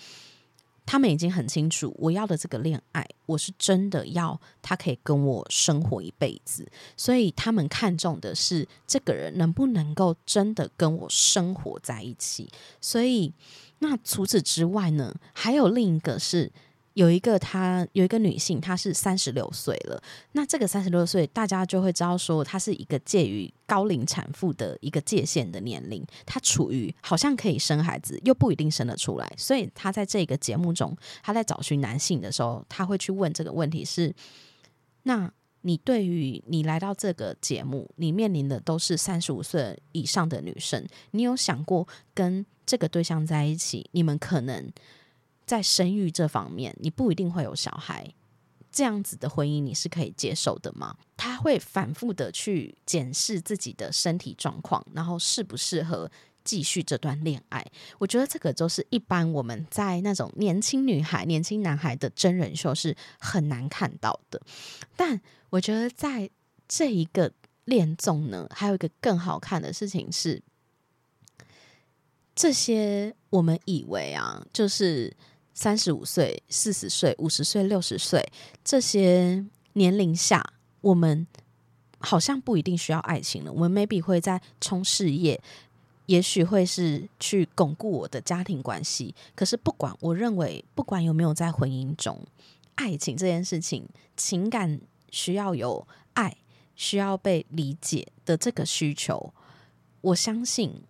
他們已經很清楚我要的這個戀愛，我是真的要他可以跟我生活一輩子，所以他們看重的是這個人能不能夠真的跟我生活在一起。所以那除此之外呢，還有另一個是。有一個她有一個女性，她是三十六歲了。那這個三十六歲，大家就會知道說，她是一個介於高齡產婦的一個界限的年齡。她處於好像可以生孩子，又不一定生得出來。所以她在這個節目中，她在找尋男性的時候，她會去問這個問題是：是那你對於你來到這個節目，你面臨的都是三十五歲以上的女生，你有想過跟這個對象在一起，你們可能？在生育這方面，你不一定會有小孩。這樣子的婚姻，你是可以接受的嗎？他會反覆的去檢視自己的身體狀況，然後適不適合繼續這段戀愛。我覺得這個就是一般我們在那種年輕女孩、年輕男孩的真人秀是很難看到的。但我覺得在這一個戀綜呢，還有一個更好看的事情是，這些我們以為啊，就是。三十五歲、四十歲、五十歲、六十歲這些年齡下，我們好像不一定需要愛情了。我們 maybe 會再衝事業，也許會是去鞏固我的家庭關係。可是不管，我認為不管有沒有在婚姻中，愛情這件事情，情感需要有愛，需要被理解的這個需求，我相信。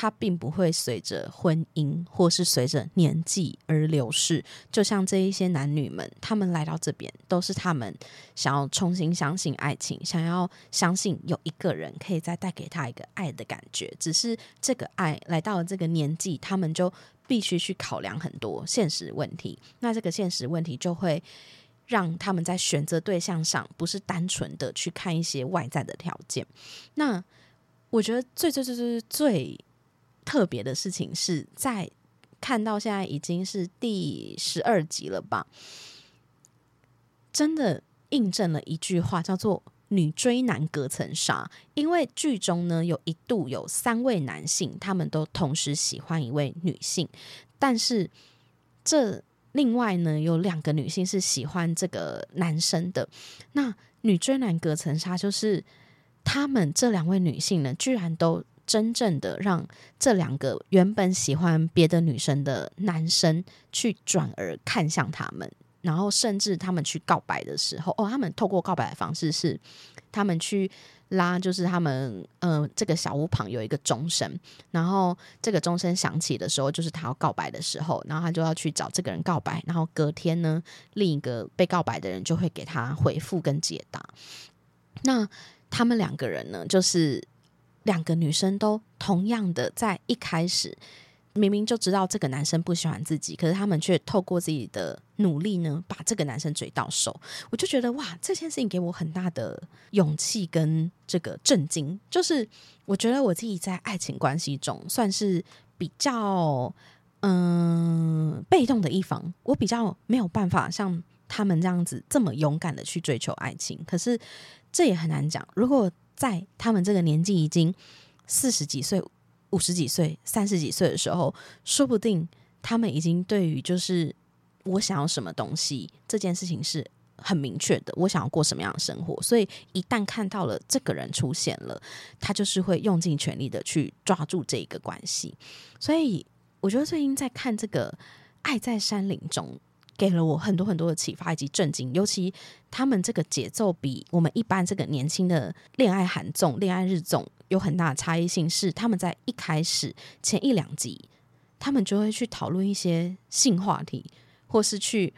他並不會隨着婚姻或是隨着年紀而流逝，就像這一些男女們，他們來到這邊，都是他們想要重新相信愛情，想要相信有一個人可以再帶給他一個愛的感覺。只是這個愛來到了這個年紀，他們就必須去考量很多現實問題。那這個現實問題就會讓他們在選擇對象上，不是單純的去看一些外在的條件。那我覺得最最最最最特別的事情是在看到現在已經是第十二集了吧，真的印證了一句話，叫做“女追男隔層紗”。因為劇中呢，有一度有三位男性，他們都同時喜歡一位女性，但是這另外呢，有兩個女性是喜歡這個男生的。那“女追男隔層紗”就是他們這兩位女性呢，居然都。真正的讓這兩個原本喜歡別的女生的男生去轉而看向他們，然後甚至他們去告白的時候，哦，他們透過告白的方式是他們去拉，就是他們嗯、呃，這個小屋旁有一個鐘聲，然後這個鐘聲響起的時候，就是他要告白的時候，然後他就要去找這個人告白，然後隔天呢，另一個被告白的人就會給他回復跟解答。那他們兩個人呢，就是。兩個女生都同樣的，在一開始明明就知道這個男生不喜歡自己，可是他們卻透過自己的努力呢，把這個男生追到手。我就覺得哇，這件事情給我很大的勇氣跟這個震驚。就是我覺得我自己在愛情關係中算是比較嗯、呃、被動的一方，我比較沒有辦法像他們這樣子這麼勇敢的去追求愛情。可是這也很難講，如果。在他們這個年紀，已經四十幾歲、五十幾歲、三十幾歲的時候，說不定他們已經對於就是我想要什麼東西這件事情是很明確的。我想要過什麼樣的生活，所以一旦看到了這個人出現了，他就是會用盡全力的去抓住這一個關係。所以我覺得最近在看這個《愛在山林中》。給了我很多很多的啟發以及震驚，尤其他們這個節奏比我們一般這個年輕的戀愛韓綜、戀愛日綜有很大的差異性，是他們在一開始前一兩集，他們就會去討論一些性話題，或是去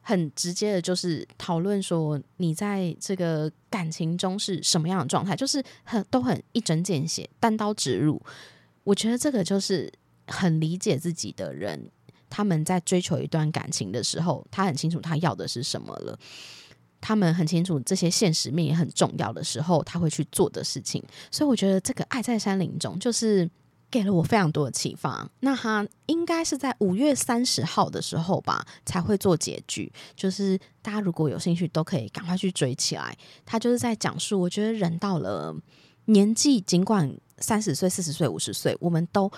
很直接的，就是討論說你在這個感情中是什麼樣的狀態，就是很都很一針見血、單刀直入。我覺得這個就是很理解自己的人。他們在追求一段感情的時候，他很清楚他要的是什麼了。他們很清楚這些現實面也很重要的時候，他會去做的事情。所以我覺得這個《愛在山林中》就是給了我非常多的啟發。那他應該是在五月三十號的時候吧，才會做結局。就是大家如果有興趣，都可以趕快去追起來。他就是在講述，我覺得人到了年紀，儘管三十歲、四十歲、五十歲，我們都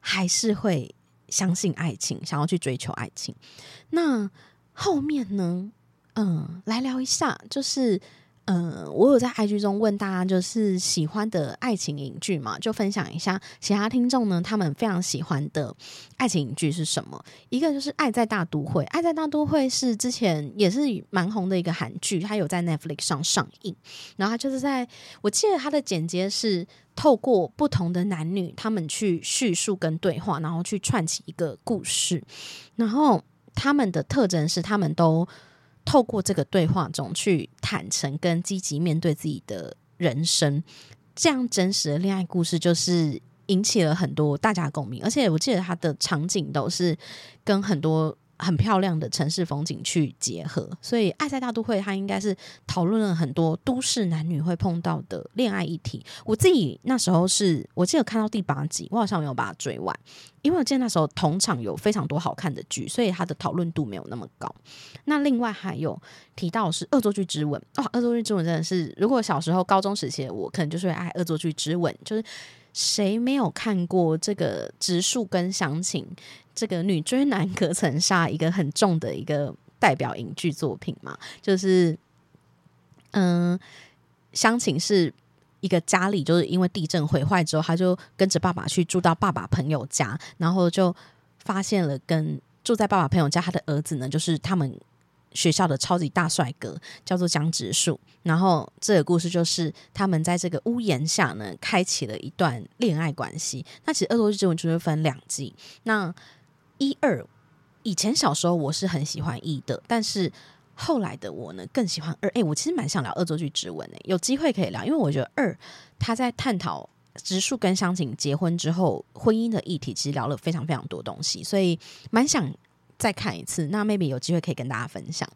還是會。相信愛情，想要去追求愛情。那後面呢？嗯，來聊一下，就是。嗯、呃，我有在 IG 中問大家，就是喜歡的愛情影劇嘛，就分享一下其他聽眾呢，他們非常喜歡的愛情影劇是什麼？一個就是愛在大都會《愛在大都會》，《愛在大都會》是之前也是蠻紅的一個韓劇，它有在 Netflix 上上映。然後它就是在我記得它的簡介是透過不同的男女，他們去敘述跟對話，然後去串起一個故事。然後他們的特徵是他們都。透過這個對話中去坦誠跟積極面對自己的人生，這樣真實的戀愛故事，就是引起了很多大家共鳴。而且我記得他的場景都是跟很多。很漂亮的城市風景去結合，所以《愛在大都會》它應該是討論了很多都市男女會碰到的戀愛議題。我自己那時候是我記得看到第八集，我好像沒有把它追完，因為我記得那時候同場有非常多好看的劇，所以它的討論度沒有那麼高。那另外還有提到是《惡作劇之吻》啊，《惡作劇之吻》真的是，如果小時候高中時期的我，我可能就是會愛《惡作劇之吻》，就是。誰沒有看過這個《直樹》跟《湘琴》這個女追男隔層紗，一個很重的一個代表影劇作品嘛？就是，嗯、呃，湘琴是一個家裡就是因為地震毀壞之後，他就跟着爸爸去住到爸爸朋友家，然後就發現了跟住在爸爸朋友家他的兒子呢，就是他們。學校的超級大帥哥叫做江直樹，然後這個故事就是他們在這個屋檐下呢，開啟了一段戀愛關係。那其實《惡作劇之吻》就是分兩季，那一二以前小時候我是很喜歡一的，但是後來的我呢更喜歡二。哎、欸，我其實蠻想聊《惡作劇之吻》誒，有機會可以聊，因為我覺得二他在探討直樹跟湘琴結婚之後婚姻的議題，其實聊了非常非常多東西，所以蠻想。再看一次，那 maybe 有機會可以跟大家分享。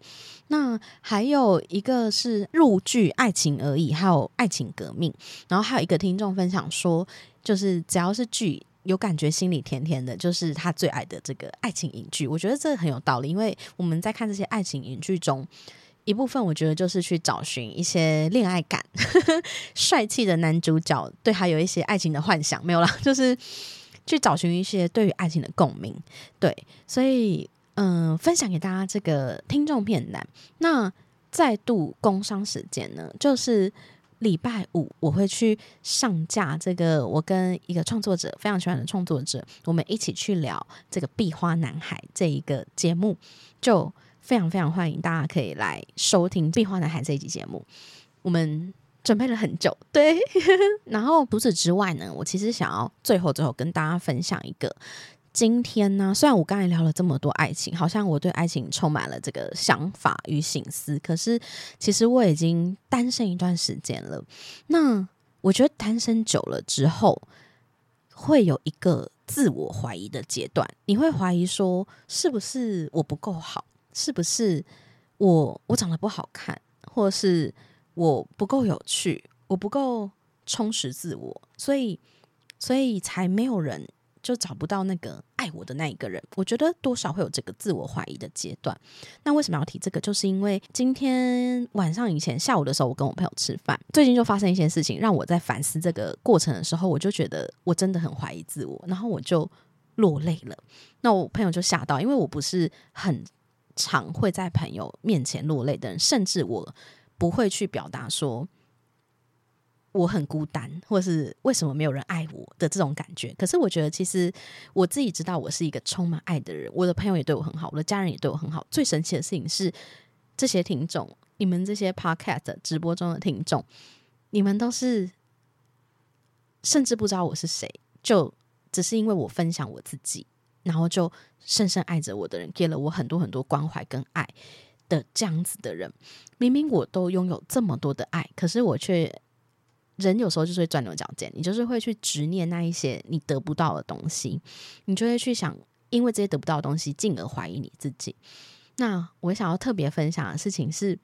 那還有一個是入劇愛情而已，還有愛情革命。然後還有一個聽眾分享說，就是只要是劇有感覺，心裡甜甜的，就是他最愛的這個愛情影劇。我覺得這很有道理，因為我們在看這些愛情影劇中，一部分我覺得就是去找尋一些戀愛感， 帥氣的男主角對他有一些愛情的幻想，沒有啦，就是。去找尋一些對於愛情的共鳴，對，所以嗯、呃，分享給大家這個聽眾片段。那再度工商時間呢，就是禮拜五我會去上架這個我跟一個創作者，非常喜歡的創作者，我們一起去聊這個《壁花男孩》這一個節目，就非常非常歡迎大家可以來收聽《壁花男孩》這一集節目。我們。準備了很久，對。 然後除此之外呢，我其實想要最後最後跟大家分享一個。今天呢、啊，雖然我剛才聊了這麼多愛情，好像我對愛情充滿了這個想法與心思，可是其實我已經單身一段時間了。那我覺得單身久了之後，會有一個自我懷疑的階段，你會懷疑說，是不是我不夠好？是不是我我長得不好看？或是我不夠有趣，我不夠充實自我，所以，所以才沒有人，就找不到那個愛我的那一個人。我覺得多少會有這個自我懷疑的階段。那為什麼要提這個？就是因為今天晚上以前下午的時候，我跟我朋友吃飯，最近就發生一些事情，讓我在反思這個過程的時候，我就覺得我真的很懷疑自我，然後我就落淚了。那我朋友就嚇到，因為我不是很常會在朋友面前落淚的人，甚至我。不會去表達說我很孤單，或是為什麼沒有人愛我的這種感覺。可是我覺得，其實我自己知道，我是一個充滿愛的人。我的朋友也對我很好，我的家人也對我很好。最神奇的事情是，這些聽眾，你們這些 podcast 的直播中的聽眾，你們都是甚至不知道我是誰，就只是因為我分享我自己，然後就深深愛着我的人，給了我很多很多關懷跟愛。的這樣子的人，明明我都擁有這麼多的愛，可是我卻人有時候就是會鑽牛角尖，你就是會去執念那一些你得不到的東西，你就會去想，因為這些得不到的東西，進而懷疑你自己。那我想要特別分享的事情是，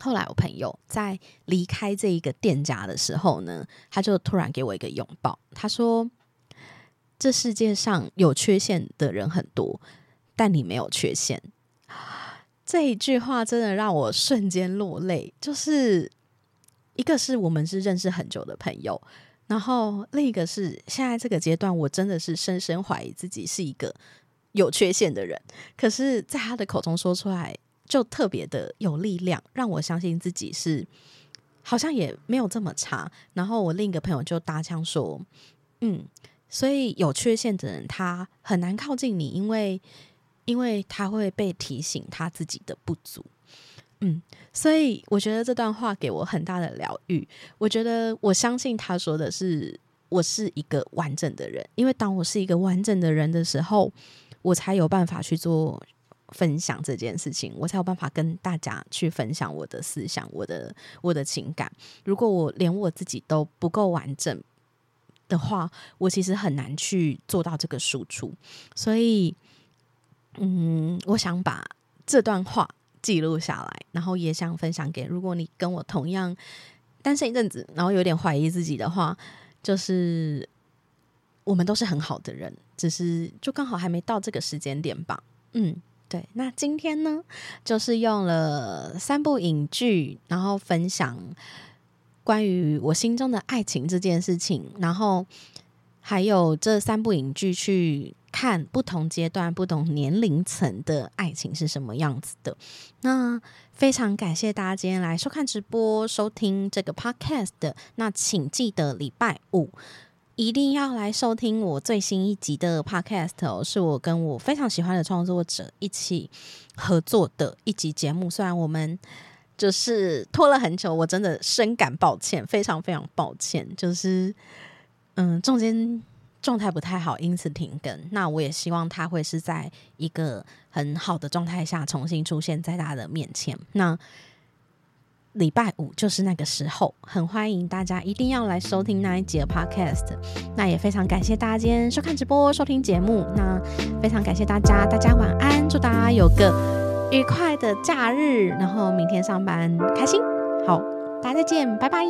後來我朋友在離開這一個店家的時候呢，他就突然給我一個擁抱，他說：“這世界上有缺陷的人很多，但你沒有缺陷。”這一句話真的讓我瞬間落淚，就是一個是我們是認識很久的朋友，然後另一個是現在這個階段，我真的是深深懷疑自己是一個有缺陷的人。可是，在他的口中說出來，就特別的有力量，讓我相信自己是好像也沒有這麼差。然後我另一個朋友就搭腔說：“嗯，所以有缺陷的人他很難靠近你，因為。”因為他會被提醒他自己的不足，嗯，所以我覺得這段話給我很大的療癒。我覺得我相信他說的是我是一個完整的人，因為當我是一個完整的人的時候，我才有辦法去做分享這件事情，我才有辦法跟大家去分享我的思想、我的我的情感。如果我連我自己都不夠完整的話，我其實很難去做到這個輸出，所以。嗯，我想把這段話記錄下來，然後也想分享給，如果你跟我同樣單身一陣子，然後有點懷疑自己的話，就是我們都是很好的人，只是就剛好還沒到這個時間點吧。嗯，對。那今天呢，就是用了三部影劇，然後分享關於我心中的愛情這件事情，然後。還有這三部影劇去看不同階段、不同年齡層的愛情是什麼樣子的。那非常感謝大家今天來收看直播、收聽這個 podcast。那請記得禮拜五一定要來收聽我最新一集的 podcast 哦，是我跟我非常喜歡的創作者一起合作的一集節目。雖然我們就是拖了很久，我真的深感抱歉，非常非常抱歉，就是。嗯，中間狀態不太好，因此停更。那我也希望他會是在一個很好的狀態下重新出現在他的面前。那禮拜五就是那個時候，很歡迎大家一定要來收聽那一集的 podcast。那也非常感謝大家今天收看直播、收聽節目。那非常感謝大家，大家晚安，祝大家有個愉快的假日，然後明天上班開心。好，大家再見，拜拜。